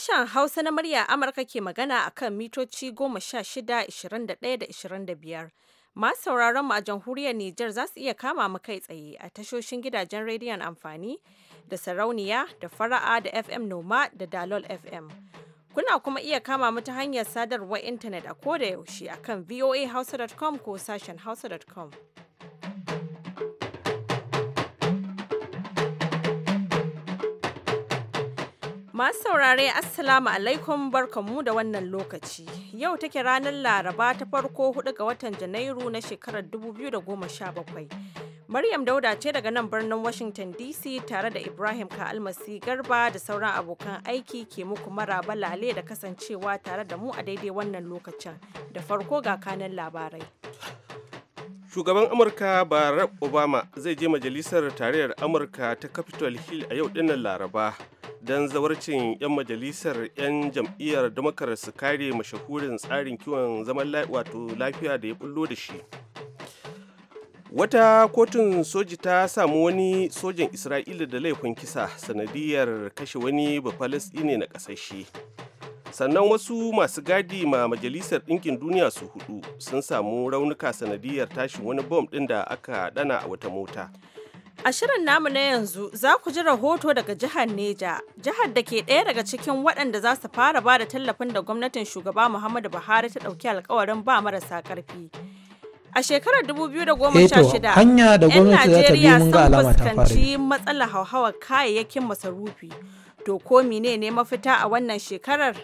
Sashen Hausa na murya Amurka ke magana a kan mitoci 16, 21 da 25. Masu sauraron mu a jamhuriyar Nijar za su iya kama mu kai tsaye a tashoshin gidajen rediyon amfani da sarauniya da fara'a da FM Noma da Dalol FM. Kuna kuma iya kama mu ta hanyar sadarwar intanet a koda yaushe kan voahausa.com ko sashen hausa.com. Masu saurare Assalamu alaikum barkanmu da wannan lokaci. Yau take ranar Laraba ta farko huɗu ga watan Janairu na shekarar 2017. Maryam Dauda ce daga nan birnin Washington DC tare da Ibrahim Ka'almasi Garba da sauran abokan aiki ke muku maraba lale da kasancewa tare da mu a daidai wannan lokacin. Da farko ga kanan labarai. Shugaban Amurka Barack Obama zai je majalisar tarayyar Amurka ta Capitol Hill a yau dinnan Laraba. don zawarcin 'yan majalisar 'yan jam'iyyar damakar su kare mashahurin tsarin kiwon zaman wato lafiya da ya bullo da shi wata kotun soji ta samu wani sojan isra'ila da laifin kisa sanadiyar kashe wani bafalastine na kasashe sannan wasu masu gadi ma majalisar ɗinkin duniya su hudu sun samu raunuka sanadiyar tashin wani bom ɗin da aka dana a wata mota A shirin namu na yanzu za ku ji rahoto daga jihar Neja, jihar da ke ɗaya daga cikin waɗanda za su fara ba da tallafin da gwamnatin shugaba Muhammadu Buhari ta ɗauki alkawarin ba marasa ƙarfi. A shekarar 2016, eh hanya da gwamnati za ta bi mun ga alama ta matsalar hauhawar kayayyakin masarufi. To ko mene ne mafita a wannan shekarar?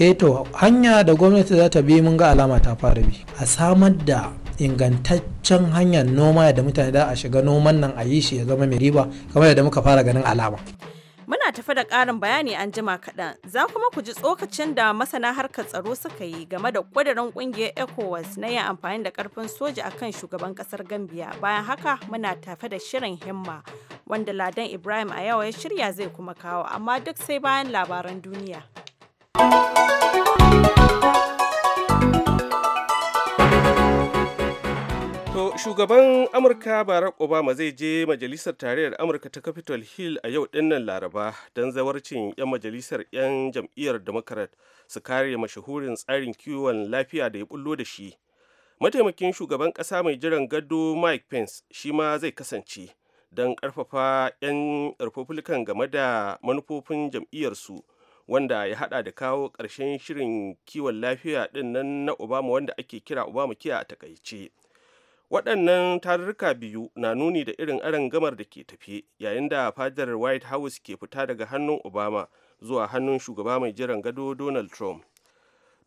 Eto, eh hanya da gwamnati za ta bi mun ga alama ta fara bi. A samar da ingantaccen hanyar noma da mutane da a shiga noman nan a yi shi ya zama mai riba kamar yadda muka fara ganin alama. Muna tafi da ƙarin bayani an jima kaɗan, za kuma ku ji tsokacin da masana harkar tsaro suka yi game da ƙudurin ƙungiyar ECOWAS na yin amfani da ƙarfin soja a kan shugaban ƙasar Gambia. Bayan haka muna tafi da shirin himma wanda Ladan Ibrahim a yawa ya shirya zai kuma kawo, amma duk sai bayan labaran duniya. To shugaban Amurka Barack Obama zai je majalisar tarayyar Amurka ta Capitol Hill a yau dinnan Laraba don zawarcin 'yan majalisar 'yan jam'iyyar Democrat su kare mashahurin tsarin kiwon lafiya da ya bullo da shi. Mataimakin shugaban ƙasa mai jiran gado Mike Pence shi ma zai kasance don karfafa 'yan Republican game da manufofin jam'iyyarsu wanda ya hada da kawo ƙarshen shirin kiwon lafiya ɗin na Obama wanda ake kira Obama kiya a takaice. waɗannan tarurruka biyu na nuni da irin aron gamar da ke tafe yayin da fadar white house ke fita daga hannun obama zuwa hannun shugaba mai jiran gado donald trump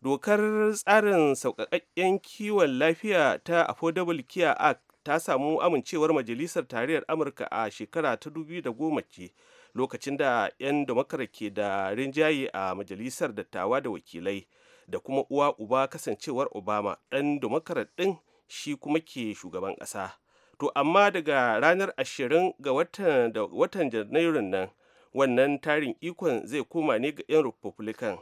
dokar tsarin sauƙaƙaƙƙen kiwon lafiya ta affordable care act ta samu amincewar majalisar tarayyar amurka a shekara ta 2010 ce lokacin da 'yan damakar ke da rinjaye a majalisar dattawa da wakilai da kuma uwa uba kasancewar obama ɗan damakar ɗin shi kuma ke shugaban ƙasa to amma daga ranar ashirin ga watan janairun nan wannan tarin ikon zai koma ne ga 'yan republican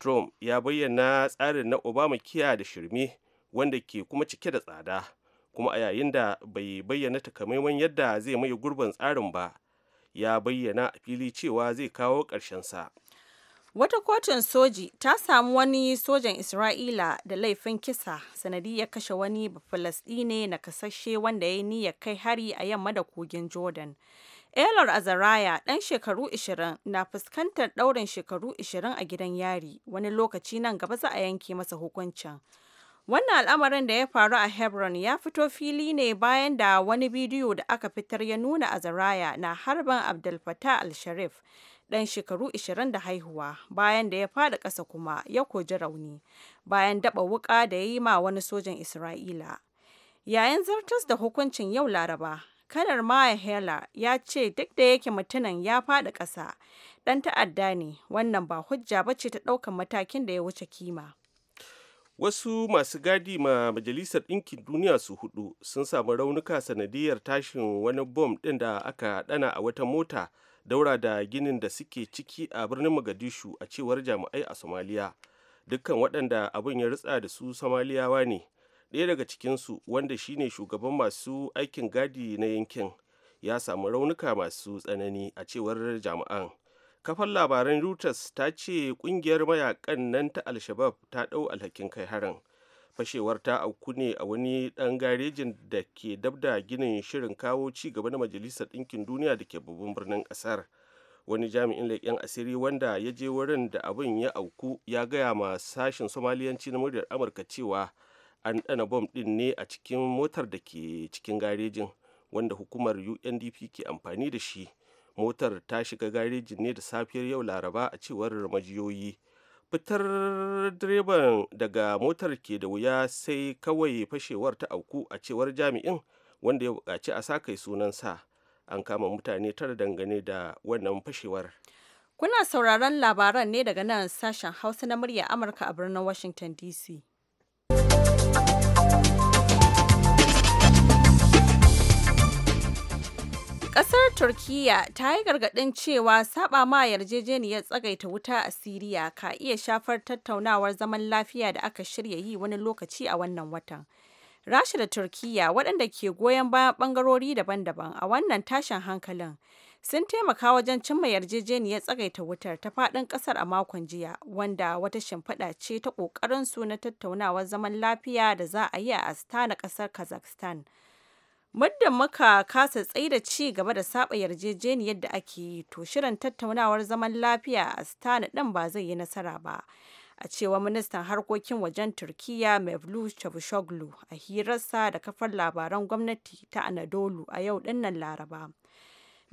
trump ya bayyana tsarin na obama kiya da shirme wanda ke kuma cike da tsada kuma a yayin da bai bayyana takamaiman yadda zai mai gurbin tsarin ba ya bayyana a fili cewa zai kawo ƙarshensa. sa Wata kotun soji ta samu wani sojan Isra'ila da laifin kisa sanadiyar kashe wani Bafalastine na kasashe wanda ya yi niyyar kai hari a yamma da kogin Jordan. Elor Azaraya ɗan shekaru 20 na fuskantar ɗaurin shekaru 20 a gidan yari wani lokaci nan gaba za a yanke masa hukuncin. Wannan al'amarin da ya faru a Hebron ya fito fili ne bayan da wani bidiyo da aka fitar ya nuna Azaraya na harbin abdulfata Fattah al-Sharif dan shekaru 20 da haihuwa bayan da ya fada ƙasa kuma ya koji rauni bayan daba wuka da ya yi ma wani sojan Isra'ila. Yayin zartas da hukuncin yau Laraba, kanar Maya Hela ya ce duk da yake mutunan ya fada ƙasa, dan ta'adda ne wannan ba hujja ba ce ta ɗaukan matakin da ya wuce kima. wasu masu gadi ma majalisar ɗinkin duniya su hudu sun samu raunuka sanadiyar tashin wani bom ɗin da aka ɗana a wata mota daura da ginin da suke ciki a birnin Magadishu a cewar jami'ai a Somaliya. Dukkan waɗanda abin ya ritsa da su Somaliyawa ne. Ɗaya daga cikinsu wanda shine shugaban masu aikin gadi na yankin ya samu raunuka masu tsanani a cewar jami'an. Kafar labaran Reuters ta ce ƙungiyar mayakan nan ta Alshabab ta ɗau alhakin kai harin. fashewar ta auku ne a wani ɗan garejin da ke dabda ginin shirin kawo ci gaba na majalisar ɗinkin duniya da ke babban birnin ƙasar wani jami'in leƙen asiri wanda ya je wurin da abin ya auku ya gaya ma sashen somaliyanci na muryar amurka cewa an ɗana bom ɗin ne a cikin motar da ke cikin garejin wanda hukumar undp ke amfani da shi motar ta shiga garejin ne da safiyar yau laraba a cewar majiyoyi fitar direban daga motar ke da wuya sai kawai fashewar ta auku a cewar jami'in wanda ya buƙaci a sakai sunansa an kama mutane tara dangane da wannan fashewar kuna sauraron labaran ne daga nan sashen hausa na murya amurka a birnin washington dc Kasar Turkiyya ta yi gargadin cewa saba ma yarjejeniyar tsagaita wuta a Siriya ka iya shafar tattaunawar zaman lafiya da aka shirya yi wani lokaci a wannan watan. Rasha da Turkiyya waɗanda ke goyon bayan ɓangarori daban-daban a wannan tashin hankalin sun taimaka wajen cimma yarjejeniyar tsagaita wutar ta faɗin ƙasar a makon jiya, wanda wata shimfiɗa ce ta ƙoƙarinsu na tattaunawar zaman lafiya da za a yi a Astana ƙasar Kazakhstan. Muddin muka kasa da ci gaba da saba yarjejeniyar da ake yi, to shirin tattaunawar zaman lafiya a Astana din ba zai yi nasara ba, a cewa ministan harkokin wajen Turkiyya mevlu chavushoglu a hirarsa da kafar labaran gwamnati ta Anadolu a yau dinnan Laraba.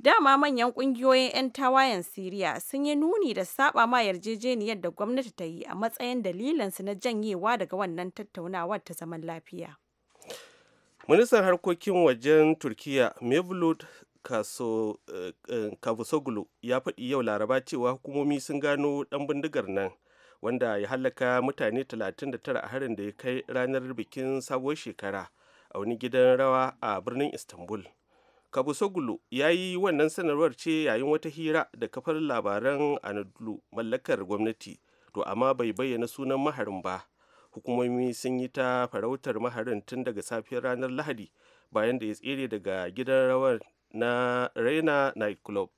Dama manyan kungiyoyin 'yan tawayen Siriya sun yi nuni da saba ma yarjejeniyar da gwamnati ta yi a matsayin dalilinsu na janyewa daga wannan tattaunawar ta zaman lafiya. ministan harkokin wajen turkiya mevlut kavusoglu eh, eh, ya faɗi yau laraba cewa hukumomi sun gano ɗan bindigar nan wanda ya halaka mutane 39 a harin da ya kai ranar bikin sabuwar shekara a wani gidan rawa a birnin istanbul kavusoglu ya yi wannan sanarwar ce yayin wata hira da kafar labaran anadolu mallakar gwamnati to amma bai bayyana sunan maharin ba hukumomi sun yi ta farautar maharin tun daga safiyar ranar lahadi bayan da ya tsere daga gidan rawar na raina nightclub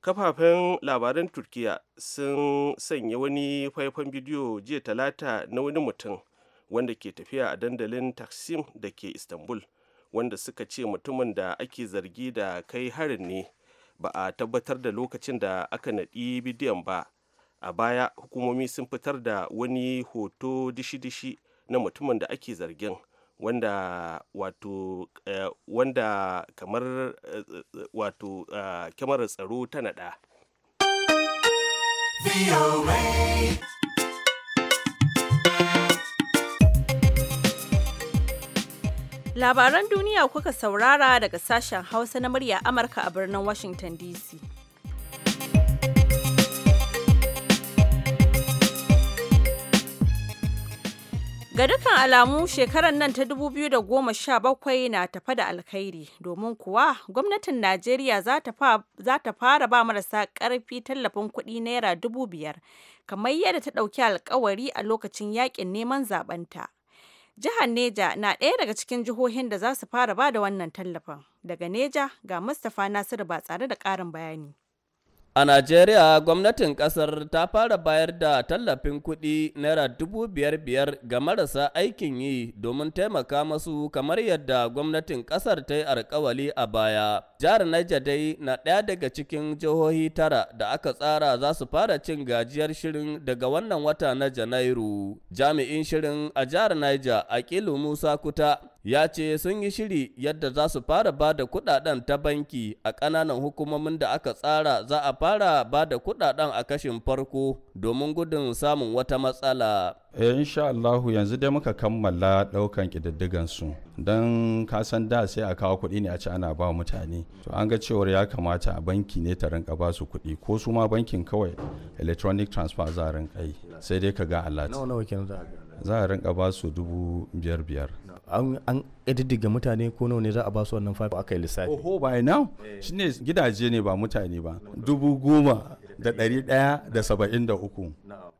kafafen labaran turkiya sun sanya wani faifan bidiyo jiya talata na wani mutum wanda ke tafiya a dandalin taksim da ke istanbul wanda suka ce mutumin da ake zargi da kai harin ne ba a tabbatar da lokacin da aka naɗi bidiyon ba a baya hukumomi sun fitar da wani hoto dishi-dishi na mutumin da ake zargin wanda wato eh, wanda kamar eh, wato eh, kyamarar tsaro ta naɗa. Labaran duniya kuka saurara daga sashen Hausa na murya Amurka a birnin Washington DC. Ga dukkan alamu shekarar nan ta 2017 na tafa da alkhairi domin kuwa gwamnatin Najeriya za ta fara ba marasa ƙarfi tallafin kuɗi naira dubu biyar kamar yadda ta ɗauki alkawari a lokacin yakin neman zaɓenta. Jihar Neja na ɗaya daga cikin jihohin da za su fara ba da wannan tallafin. Daga Neja ga Mustapha Nasiru ba tsare da ƙarin bayani. A Najeriya gwamnatin ƙasar ta fara bayar da tallafin kuɗi naira dubu biyar biyar ga marasa aikin yi domin taimaka masu kamar yadda gwamnatin ƙasar ta yi alkawali a baya. Jihar Niger dai na ɗaya daga cikin jihohi tara da aka tsara za su fara cin gajiyar shirin daga wannan wata na Janairu. Jami'in shirin a jihar Niger Akilu Musa Kuta ya ce sun yi shiri yadda za su fara ba da kudaden ta banki a ƙananan hukumomin da aka tsara za a fara ba da kudaden a kashin farko domin gudun samun wata matsala. Eh, insha Allahu yanzu dai muka kammala ɗaukan ƙididdigan su don kasan da sai a kawo kuɗi ne a ci ana ba mutane to an ga cewar ya kamata a banki ne ta rinka ba su kuɗi ko su ma bankin kawai electronic transfer za a rinka yi sai dai ka ga alat za a rinka ba su dubu biyar biyar an ƙididdiga mutane ko nawa ne za a ba su wannan fafi aka yi lissafi oho by now shine gidaje ne ba mutane ba dubu goma da ɗari ɗaya da saba'in da uku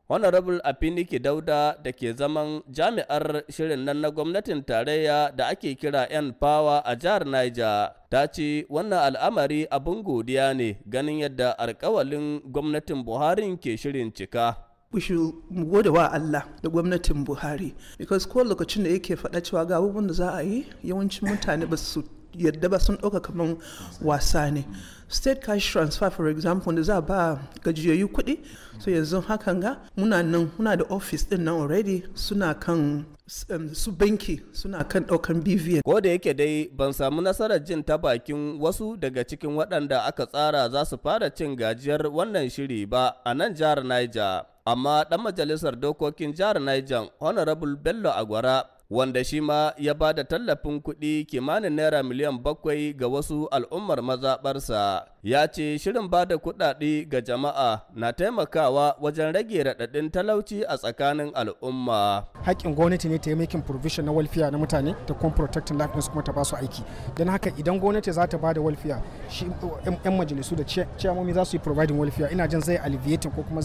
honorable afiniki dauda da ke zaman jami'ar shirin nan na gwamnatin tarayya da ake kira yan fawa a jihar niger ta ce wannan al'amari abin godiya ne ganin yadda alkawalin gwamnatin buhari ke shirin cika mu gode wa Allah da gwamnatin Buhari because ko lokacin da yake faɗa cewa ga abubuwan da za a yi yawancin mutane ba su yadda ba sun ɗauka kamar wasa ne state cash transfer for example da za a ba gajiyayyu kuɗi so yanzu hakan ga muna nan muna da office din nan already suna kan um, su banki suna kan ɗaukan bvn ko da yake dai ban samu nasarar jin ta bakin wasu daga cikin waɗanda aka tsara za su fara cin gajiyar wannan shiri ba a nan jihar niger amma ɗan majalisar dokokin jihar Niger Honorable Bello Agwara wanda shi ma ya ba da tallafin kuɗi kimanin naira miliyan bakwai ga wasu al'ummar mazaɓarsa ya ce shirin ba da kuɗaɗe ga jama'a na taimakawa wajen rage raɗaɗin talauci a tsakanin al'umma. Haƙƙin gwamnati ne ta yi making provision na walfiya na mutane ta kuma protecting life kuma ta ba su aiki. Don haka idan gwamnati za ta ba da walfiya 'yan majalisu da ciyamomi za su yi providing walfiya ina jin zai alleviating ko kuma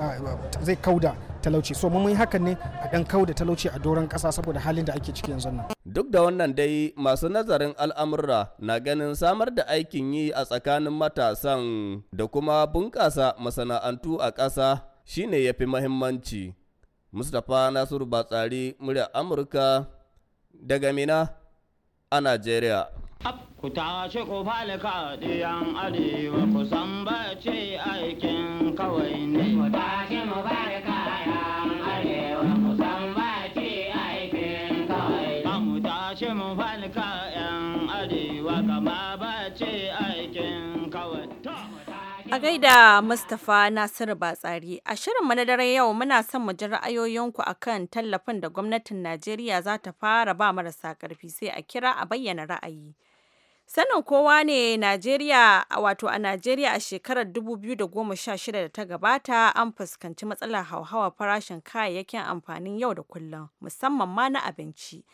ah, zai kauda talauci. So mun yi hakan ne a ɗan kauda talauci a doron kasa saboda halin da ake ciki yanzu nan. Duk da wannan dai masu nazarin al'amurra na ganin samar da aikin yi a tsakanin matasan da kuma bunƙasa masana'antu a ƙasa shine ya fi mahimmanci. Mustapha Nasiru Batsari murya Amurka daga Mina a Najeriya. Ku tashi ku falika diyan arewa ku san ba ce aikin kawai ne. da Mustapha Nasiru Batsari. A shirinmu na dare yau muna son mu ji ra'ayoyinku akan tallafin da gwamnatin Najeriya za ta fara ba marasa ƙarfi sai a kira a bayyana ra'ayi. Sanin kowa ne Najeriya wato a Najeriya a shekarar 2016 da ta gabata an fuskanci matsalar hauhawar farashin kayayyakin amfanin yau da kullum musamman ma na abinci.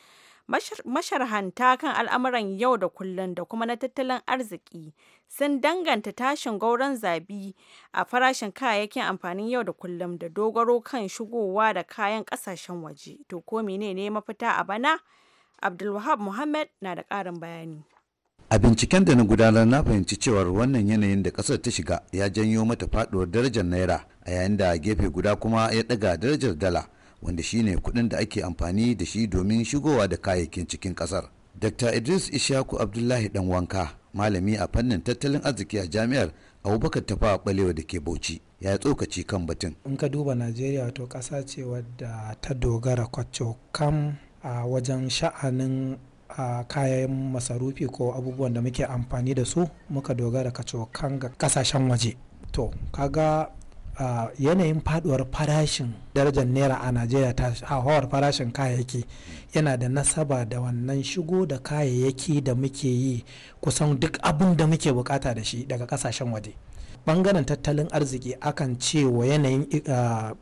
Masharhanta kan al'amuran yau da kullun da kuma na tattalin arziki sun danganta tashin gwauron zabi a farashin kayayyakin amfanin yau da kullum da dogaro kan shigowa da kayan kasashen waje. To ko menene mafita a bana? Abdulwahab Muhammad na da ƙarin bayani. A binciken da na gudanar na fahimci cewar wannan yanayin da ƙasar ta shiga ya janyo mata faɗuwar darajar naira a yayin da gefe guda kuma ya ɗaga darajar dala. wanda shine kuɗin da ake amfani da shi domin shigowa da kayayyakin cikin ƙasar. Dr. Idris Ishaku Abdullahi Dan Wanka, malami a fannin tattalin arziki a jami'ar Abubakar Tafawa Balewa da ke Bauchi, ya yi tsokaci kan batun. In ka duba Najeriya to kasa ce wadda ta dogara kwacce kam a wajen sha'anin a kayan masarufi ko abubuwan da muke amfani da su muka dogara kacokan ga kasashen waje to kaga yanayin faduwar farashin darajar naira a najeriya ta hawar farashin kayayyaki yana da nasaba da wannan shigo da kayayyaki da muke yi kusan duk abin da muke bukata da shi daga kasashen waje bangaren tattalin arziki akan ce wa yanayin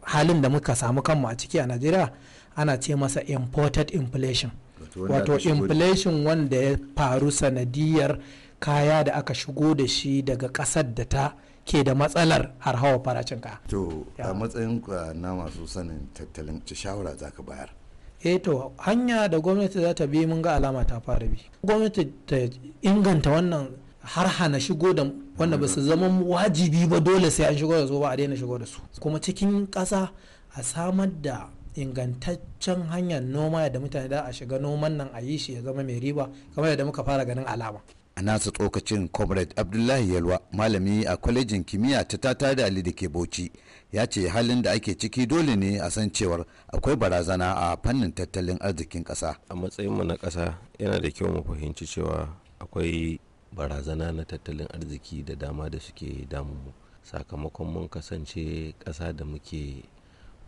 halin da muka samu kanmu a ciki a najeriya ana ce masa imported inflation wato inflation wanda ya faru sanadiyar kaya da aka shigo da shi daga kasar da ta ke da matsalar harhawa faracin ka to a matsayin ah, na masu sanin tattalin ci shawara za ka bayar e to hanya da gwamnati za ta bi mun ga alama ta fara bi gwamnati ta inganta wannan har hana shigo da wanda ba su mm. zama wajibi ba dole sai an shigo da su ba a daina shigo da su kuma cikin ƙasa a samar da ingantaccen hanyar noma da mutane da a shiga noman nan a yi shi ya zama mai riba kamar yadda muka fara ganin alama a nasa tsokacin comrade abdullahi yalwa malami a kwalejin kimiyya ta tata da ali da ke bauchi ya ce halin da ake ciki dole ne a san cewar akwai barazana a fannin tattalin arzikin kasa. a matsayinmu na ƙasa yana da kyau mu fahimci cewa akwai barazana na tattalin arziki da dama da suke damu sakamakon mun kasance ƙasa da muke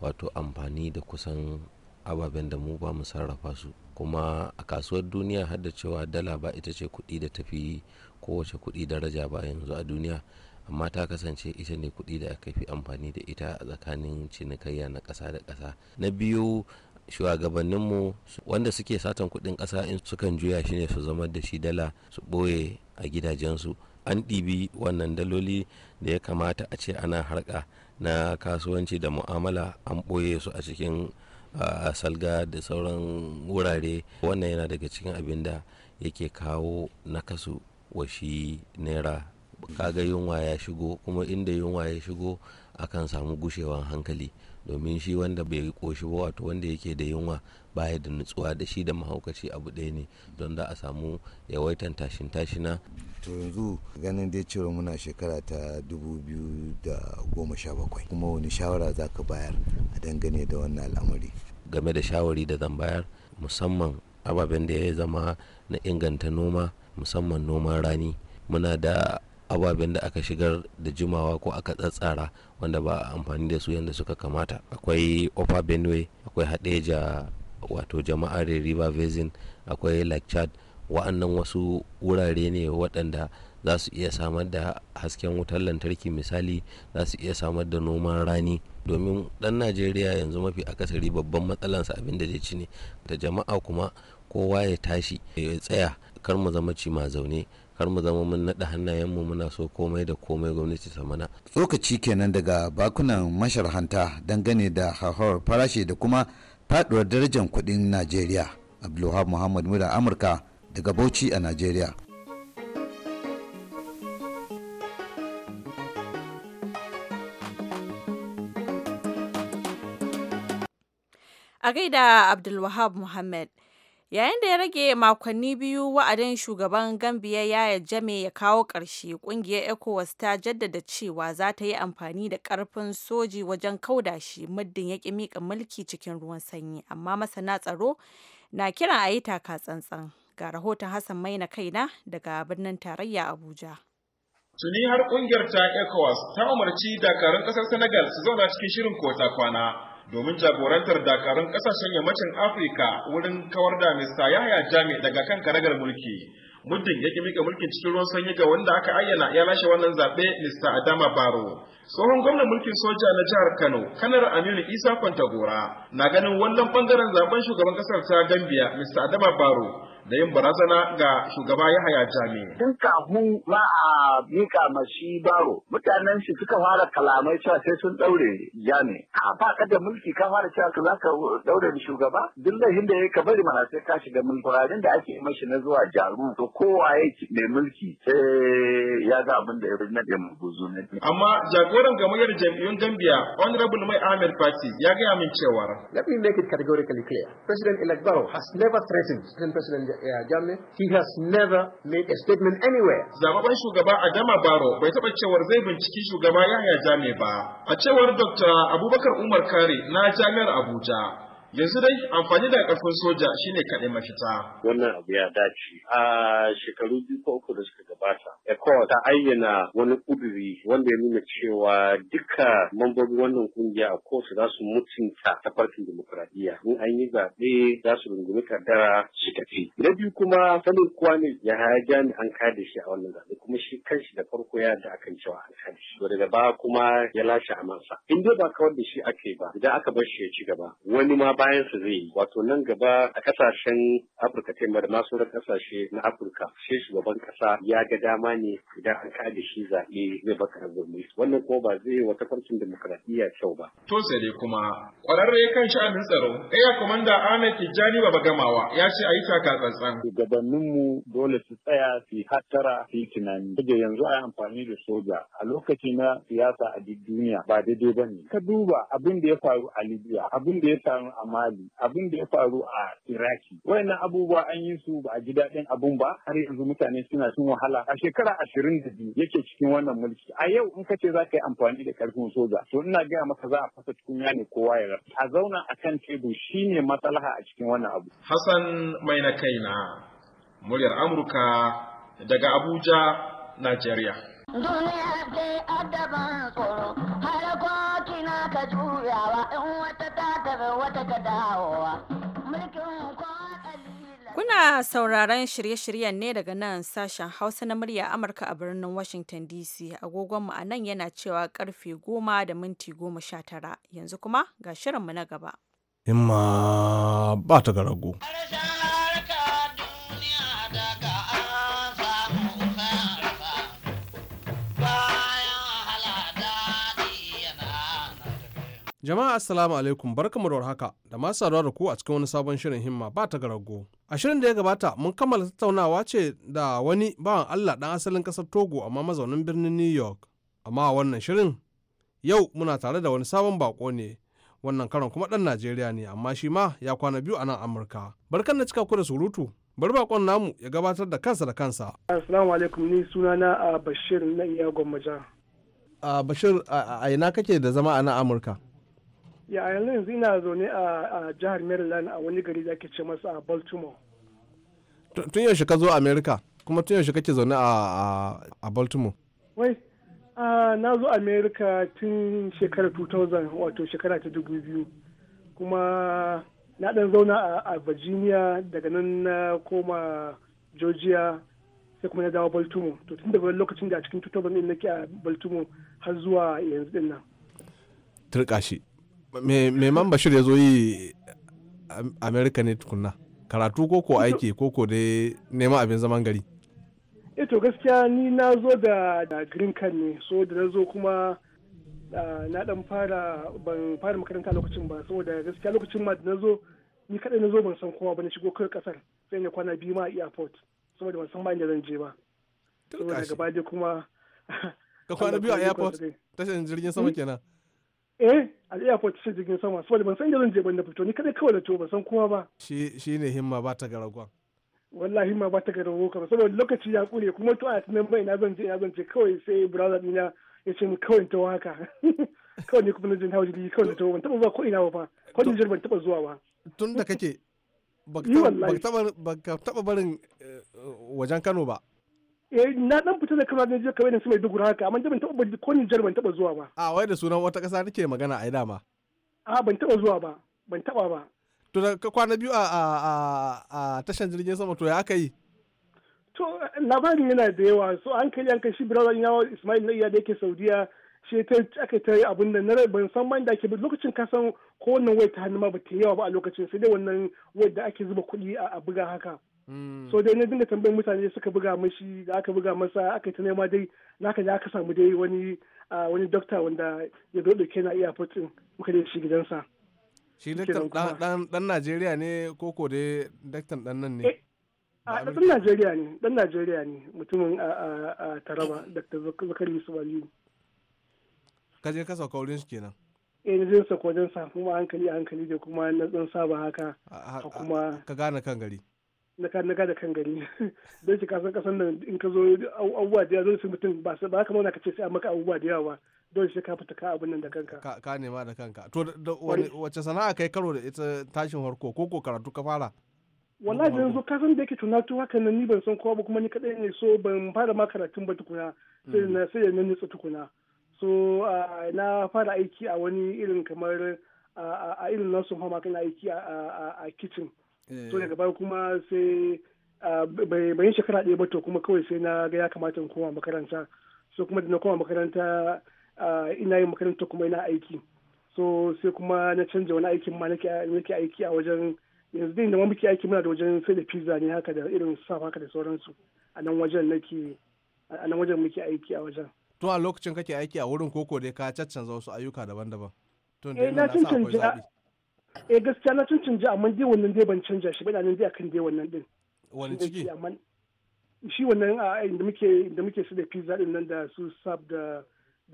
wato amfani da kusan ababen da mu ba mu sarrafa su kuma a kasuwar duniya har da cewa dala ba ita ce kuɗi da tafi kowace kuɗi daraja ba yanzu a duniya amma ta kasance ita ne kuɗi da aka fi amfani da ita a tsakanin cinikayya na ƙasa da ƙasa na biyu shugabanninmu wanda suke satan kuɗin ƙasa in sukan juya shi ne su zama da shi dala su ɓoye a gidajensu an ɗibi wannan daloli da ya kamata a ce ana harka na kasuwanci da mu'amala an ɓoye su a cikin a salga da sauran wurare wannan yana daga cikin abin da yake kawo na kasu shi naira kaga yunwa ya shigo kuma inda yunwa ya shigo akan samu gushewan hankali domin shi wanda bai koshi ba wato wanda yake da yunwa baya da nutsuwa da shi da mahaukaci abu ɗaya ne don za a samu yawaitan tashin tashina to yanzu ganin dai cewa muna shekara ta da goma sha 2017 kuma wani shawara za ka bayar a dangane da wannan al'amari game da shawari da zan bayar musamman ababen da ya zama na inganta noma musamman noman rani muna da ababen da aka shigar da jimawa ko aka tsatsara wanda ba a amfani da su yadda suka kamata akwai ofa benue akwai hadeja wato jama'ar river basin akwai lake chad wa'annan wasu wurare ne waɗanda za su iya samar da hasken wutar lantarki misali za su iya samar da noman rani domin ɗan najeriya yanzu mafi akasari babban matsalansa abin da zai ci ne da jama'a kuma kowa ya tashi ya tsaya kar mu zama ma zaune har mu zama mun naɗa hannayenmu muna so komai da komai gwamnati ta mana. tsokaci kenan daga bakunan masharhanta dangane da hauhawar farashi da kuma faɗuwar darajar kuɗin najeriya abdulwahab muhammad muda amurka daga bauchi a najeriya. a gaida abdulwahab muhammad Yayin da ya rage makonni biyu wa'adin shugaban Gambia Yaya Jame ya kawo ƙarshe, ƙungiyar ECOWAS ta jaddada cewa za ta yi amfani da ƙarfin soji wajen kauda shi muddin ya ƙi miƙa mulki cikin ruwan sanyi, amma masana tsaro na kiran a yi taka tsantsan. Ga rahoton Hassan Maina Kaina daga birnin tarayya Abuja. Tuni har kungiyar ta ECOWAS ta umarci dakarun ƙasar Senegal su zauna cikin shirin kota kwana. domin jagorantar dakarun kasashen yammacin afirka wurin kawar da mista yahaya jami daga kan karagar mulki muddin ya mika mulkin cikin ruwan sanyi ga wanda aka ayyana ya lashe wannan zaɓe mista adama baro tsohon gwamnan mulkin soja na jihar kano kanar aminu isa kwantagora na ganin wannan bangaren zaben shugaban kasar ta gambia mista adama baro da yin barazana ga shugaba Yahaya Jami. Tun kafin ma a mika mashi baro mutanen shi suka fara kalamai cewa sai sun daure Jami. A faɗa da mulki ka fara cewa ka za ka daure da shugaba duk laifin da ya ka bari mana sai ka shiga mulki da ake mashi na zuwa jaru to kowa yake mai mulki sai ya ga abin da ya na da mabuzu na Amma jagoran gamayyar jam'iyyun Gambia Honorable Mai Ahmed Fati ya gaya min cewa. Let me make it categorically clear. President elect Barrow has never threatened President Jami, eh, he has never made a statement anywhere. Zababban shugaba Adama baro bai taɓa cewar zai binciki shugaba Yahya Jami ba. A cewar Dr. Abubakar Umar Kare na Jami'ar Abuja, yanzu dai amfani da karfin soja shine kaɗai mafita. Wannan abu ya dace. A shekaru biyu ko uku da suka gabata, ECOWAS ta ayyana wani ƙuduri wanda ya nuna cewa duka mambobi wannan kungiya a kowace za su mutunta tafarkin demokuraɗiyya. In an yi zaɓe za su rungumi kaddara su tafi. Na biyu kuma sanin kowa ne ya an kada shi a wannan zaɓe kuma shi kanshi da farko ya da akan cewa an kada shi. da ba kuma ya lashe amansa. In dai ba kawar da shi ake ba, idan aka bar shi ya ci gaba, wani ma bayan su zai yi wato nan gaba a kasashen afirka ta yamma da masu kasashe na afirka shi shugaban kasa ya ga dama ne idan an kada shi zaɓe zai baka da gurmi wannan kuma ba zai wata farcin demokradiyya kyau ba. to sai dai kuma kwararre kan sha'anin tsaro ɗaya komanda ahmed tijjani baba gamawa ya ce a yi taka tsantsan. shugabanninmu dole su tsaya su yi hattara su yi tunani. daga yanzu a yi amfani da soja a lokaci na siyasa a duniya ba daidai ba ne. Ka duba abin da ya faru a Libya abin da ya faru a Mali abin da ya faru a Iraki wayannan abubuwa an yi su ba a ji daɗin abun ba har yanzu mutane suna cin wahala a shekara ashirin da biyu yake cikin wannan mulki a yau in ka ce za ka yi amfani da ƙarfin soja to ina gaya maka za a fasa tukunya ne kowa ya rasa a zauna a kan tebur shi ne matsalaha a cikin wannan abu. Hassan mai na kai na muryar Amurka daga Abuja, Najeriya. duniya dai tsoro har na ka juyawa in wata ta tafi wata ta dawowa mulkin Kuna sauraron shirye-shiryen ne daga nan sashen Hausa na murya Amurka a birnin Washington DC. Agogonmu a nan yana cewa karfe goma da minti goma sha tara. Yanzu kuma ga shirinmu na gaba. Imma ba ta garago. Jama'a assalamu alaikum barkamu da warhaka da masu saduwa da ku a cikin wani sabon shirin himma ba ta garago. A shirin da ya gabata mun kammala tattaunawa ce da wani bawan Allah dan asalin kasar Togo amma mazaunin birnin New York. Amma wannan shirin yau muna tare da wani sabon bako ne wannan karon kuma dan Najeriya ne amma shi ma ya kwana biyu a nan Amurka. Barkan na cika ku da surutu. Bari bakon namu ya gabatar da kansa da kansa. Assalamu alaikum ni sunana ah, ah, a Bashir na Iyagon Maja. A Bashir a ina kake da zama a nan Amurka? ya a yanzu yanzu ina zaune a jihar maryland a wani gari da ake ce masa baltimore tun yaushe ka zo america kuma tun yaushe kake zaune a baltimore wai na zo america tun shekarar 2000 wato shekara ta 2000 kuma na dan zauna a virginia daga nan na koma georgia sai kuma na dawo baltimore to tun daga lokacin da a cikin 2000 nake a baltimore har zuwa yanzu din nan shi Mai man bashir ya zo yi amerika ne tukunna karatu ko ko aiki ko ko dai neman abin zaman gari e to gaskiya ni na zo da green card ne so da na zo kuma na dan fara ban fara makaranta lokacin ba saboda gaskiya lokacin ma da na zo ni kadai na zo ban san kowa ba na shigo kai kasar sai ne kwana biyu ma a airport saboda ban san ba inda zan je ba saboda gaba dai kuma ka kwana biyu a airport tashin jirgin sama hmm? kenan eh a airport sai jirgin sama saboda ban san da zan je ban da fito ni kada kawai da to ban san kowa ba shi ne himma ba ta garagwa wallahi Himma ba ta garagwa saboda lokaci ya kure kuma to a tunan bai na zan je na zan je kawai sai brother dina ya ce min kawai ta haka kawai ne kuma na jin hawa jirgi kawai to ban taba zuwa ko ina ba ko jirgin ban taba zuwa ba tun da kake baka taba barin eh, wajen Kano ba eh na dan fita da kama ne je kamar su mai dugura haka amma ban taba ko jar ban taba zuwa ba a wai da sunan wata kasa nake magana ai dama a ban taba zuwa ba ban taba ba to da ka kwana biyu a a a tashan jirgin sama to ya aka yi to labarin yana da yawa so an kai an kai shi brother yawo Ismail ne ya da yake Saudiya shi ta aka ta yi abin da na ban san man da ake lokacin ka san ko wannan wai ta hannu ma ba ta yawa ba a lokacin sai dai wannan wai da ake zuba kuɗi a buga haka Mm. so dai na dinga tambayin mutane suka buga mashi da aka buga masa aka yi ta nema dai naka da aka samu dai wani ah, wani dokta wanda ya zo dauke na iya fotin muka dai shi gidansa shi dan dan Najeriya ne ko dai daktan dan nan ne eh, a dan Najeriya ne dan Najeriya ne mutumin a ah, ah, Taraba Dr. Zakari Yusuf Aliyu ka je ka sauka wurin shi kenan eh zai sauka wajen sa kuma hankali a hankali da kuma na dan saba haka kuma ka gane kan gari na ka da kan gani don shi kasan kasan nan in ka zo abubuwa da yawa su mutum ba ba kamar na ka ce sai an maka abubuwa da yawa don shi ka fita ka abin nan da kanka ka nema da kanka to wace sana'a kai karo da ita tashin harko ko ko karatu ka fara wallahi da yanzu kasan da yake tunatu haka nan ni ban san kowa ba kuma ni kadai ne so ban fara ma karatun ba tukuna sai hmm. na sai na nitsa tukuna so na fara aiki a wani irin kamar a irin nasu fama kana aiki a kitchen Eh. to daga baya kuma sai bai bayan shekara ɗaya ba to kuma kawai sai na ga ya kamata in koma makaranta so kuma da na koma makaranta ina yin makaranta kuma ina aiki so sai kuma na canja wani aikin ma nake aiki a wajen yanzu din da muke aiki muna da wajen sai da pizza ne haka da irin safa haka da sauransu a nan wajen nake a nan wajen muke aiki a wajen to a lokacin kake aiki a wurin koko dai ka caccanza wasu ayyuka daban-daban to eh, na san akwai eh gaskiya na cin canja amma dai wannan dai ban canja shi ba ina nan dai akan dai wannan din wani ciki shi wannan inda muke da muke su da pizza din nan da su sab da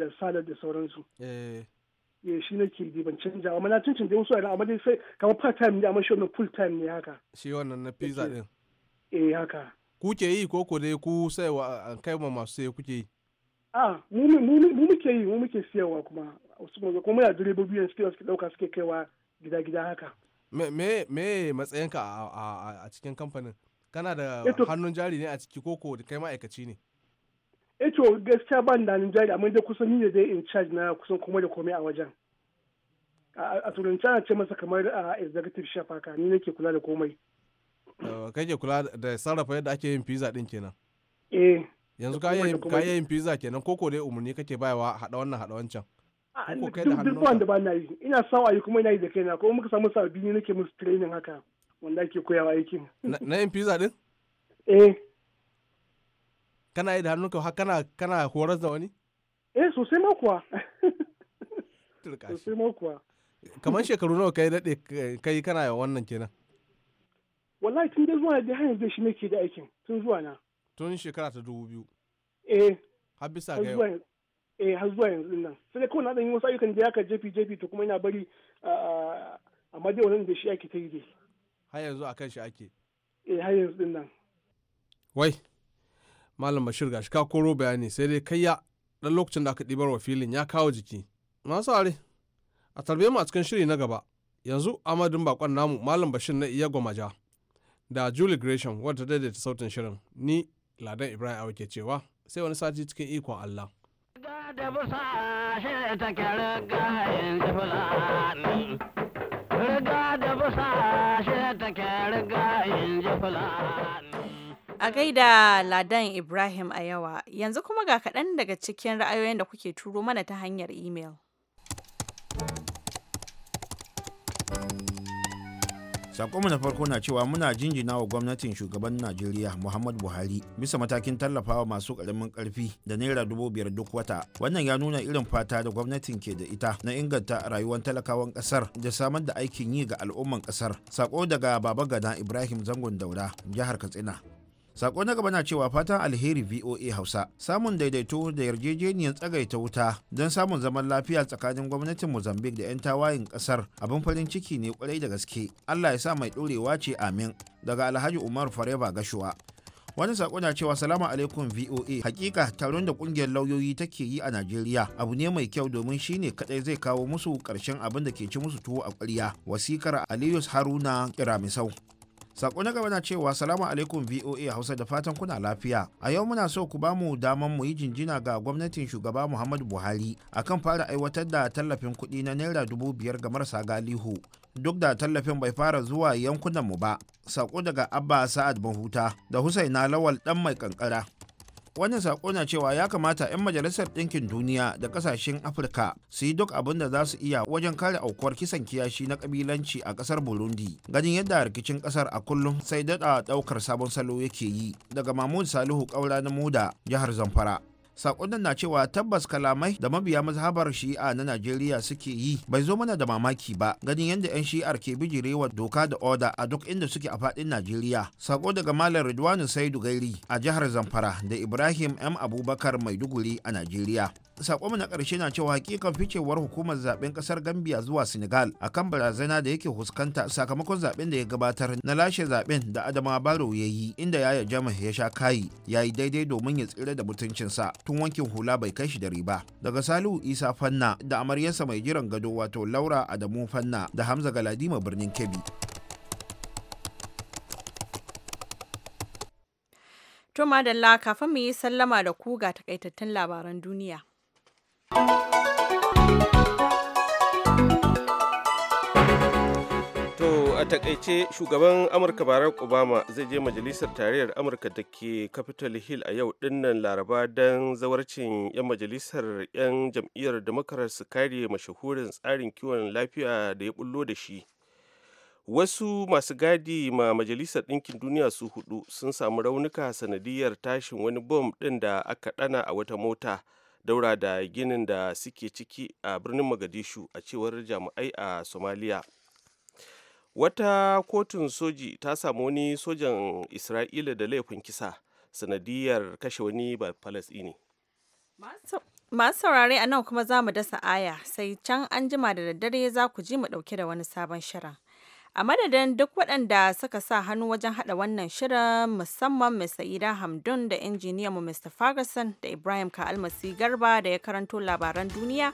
da salad da sauransu eh eh shi nake dai ban canja amma na cin canja wasu amma dai sai kamar part time ne amma shi wannan full time ne haka shi wannan na pizza din eh haka ku ke yi ko ko dai ku sai wa kai ma masu sai kuke yi ah mu muke yi mu muke siyarwa kuma wasu kuma muna direbobi yanzu suke dauka suke kaiwa gida-gida haka me matsayinka a cikin kamfanin kana da eh hannun jari ne a ciki koko da kai ma'aikaci ne e to gaskiya ban da hannun jari amma dai kusan ni ne dai in charge na kusan kuma da komai a wajen a turanci ana ce masa kamar a executive chef haka ni nake kula da komai eh, kake kula da sarrafa yadda ake yin pizza din kenan eh yanzu ka yi yin pizza kenan koko dai umarni kake bayawa hada wannan hada wancan ko da duk ba na yi ina sawa yi kuma ina yi da kaina kuma muka samu sabi ne nake musu training haka wanda ake koyawa aikin na yin pizza din eh kana yi da hannunka ka kana kana horar da wani eh sosai ma kuwa sosai ma kuwa kamar shekaru nawa kai daɗe kai kana yawan wannan kenan wallahi tun da zuwa da hanyar zai shi nake da aikin tun zuwa na tun shekara ta dubu biyu eh har bisa ga yau eh har zuwa yanzu nan sai dai kawai na dan yi wasu ayyukan da ka jefi jefi to kuma ina bari amma dai wannan da shi ake ta yi dai har yanzu akan shi ake eh har yanzu din nan wai malam bashir gashi ka koro bayani sai dai kai ya dan lokacin da aka ɗibar wa filin ya kawo jiki masu are a tarbe mu a cikin shiri na gaba yanzu amadin bakon namu malam bashir na iya gwamaja da julie gresham wadda daidaita sautin shirin ni ladan ibrahim awa ke cewa sai wani sati cikin ikon allah A gaida Ladan Ibrahim a yawa, yanzu kuma ga kaɗan daga cikin ra'ayoyin da kuke turo mana ta hanyar imel. sakonmu na farko na cewa muna jinjina wa gwamnatin shugaban najeriya muhammad buhari bisa matakin tallafawa masu karamin karfi da naira dubu biyar duk wata wannan ya nuna irin fata da gwamnatin ke da ita na inganta rayuwar talakawan kasar da samar da aikin yi ga al'umman kasar sako daga baba gana ibrahim zangon daura jihar katsina Sako na gaba na cewa fatan alheri VOA Hausa samun daidaito da yarjejeniyar tsagaita wuta don samun zaman lafiya tsakanin gwamnatin Mozambique da 'yan tawayin kasar abin farin ciki ne kwarai da gaske. Allah ya sa mai dorewa ce amin daga Alhaji Umar Fareba Gashuwa. wani sako na cewa salamu alaikum voa hakika taron da kungiyar lauyoyi take yi a najeriya abu ne mai kyau domin shine kadai zai kawo musu karshen abin da ke ci musu tuwo a ƙwarya wasikar aliyus haruna kiramisau sako na gaba na cewa salamu alaikum voa hausa da fatan kuna lafiya a yau muna so ku bamu damar mu yi jinjina ga gwamnatin shugaba muhammadu buhari akan fara aiwatar da tallafin kuɗi na naira dubu biyar ga marasa galihu duk da tallafin bai fara zuwa yankunan mu ba sako daga abba sa'ad mahuta da husaina lawal dan mai kankara wannan sako na cewa ya kamata 'yan majalisar ɗinkin duniya da ƙasashen afirka su yi duk abin da za su iya wajen kare aukuwar kisan kiyashi na ƙabilanci a ƙasar burundi ganin yadda rikicin ƙasar a kullum sai daɗa ɗaukar sabon salo yake yi daga mahmud salihu ƙaura na muda jihar zamfara sakonnin na cewa tabbas kalamai da mabiya mazhabar shi'a na najeriya suke yi bai zo mana da mamaki ba ganin yadda 'yan shi'ar ke bijirewa doka da oda a duk inda suke a fadin najeriya sako daga malam ridwanu saidu gairi a jihar zamfara da ibrahim m abubakar maiduguri a najeriya sakonmu na karshe na cewa hakikan ficewar hukumar zaben kasar Gambia zuwa Senegal akan barazana da yake huskanta sakamakon zaben da ya gabatar na lashe zaben da Adama Baro ya yi inda yaya Jama ya sha kayi ya yi daidai domin ya tsira da mutuncinsa tun wankin hula bai kai shi da riba. Daga Salihu Isa Fanna da amaryarsa mai jiran gado wato Laura Adamu Fanna da Hamza Galadima birnin Kebbi. To madalla kafin mu yi sallama da ku ga takaitattun labaran duniya. takaice shugaban amurka barack obama zai je majalisar tarayyar amurka da ke capitol hill a yau dinnan laraba don zawarcin 'yan majalisar 'yan jam'iyyar demokarar su kare mashahurin tsarin kiwon lafiya da ya bullo da shi wasu masu gadi ma majalisar ɗinkin duniya su hudu sun samu raunuka sanadiyar tashin wani bom ɗin da aka ɗana a wata mota daura da ginin da suke ciki a birnin magadishu a cewar jami'ai a somalia. wata kotun soji ta samu wani sojan isra'ila da laifin kisa sanadiyar kashe wani ba falasini masu saurare a nan kuma za mu dasa aya sai can an jima da daddare za ku ji mu ɗauke da wani sabon shirin a madadin duk waɗanda suka sa hannu wajen haɗa wannan shirin musamman Mr. Ida Hamdun da injiniyanmu Mr. Ferguson da Ibrahim Ka'almasi Garba da ya karanto labaran duniya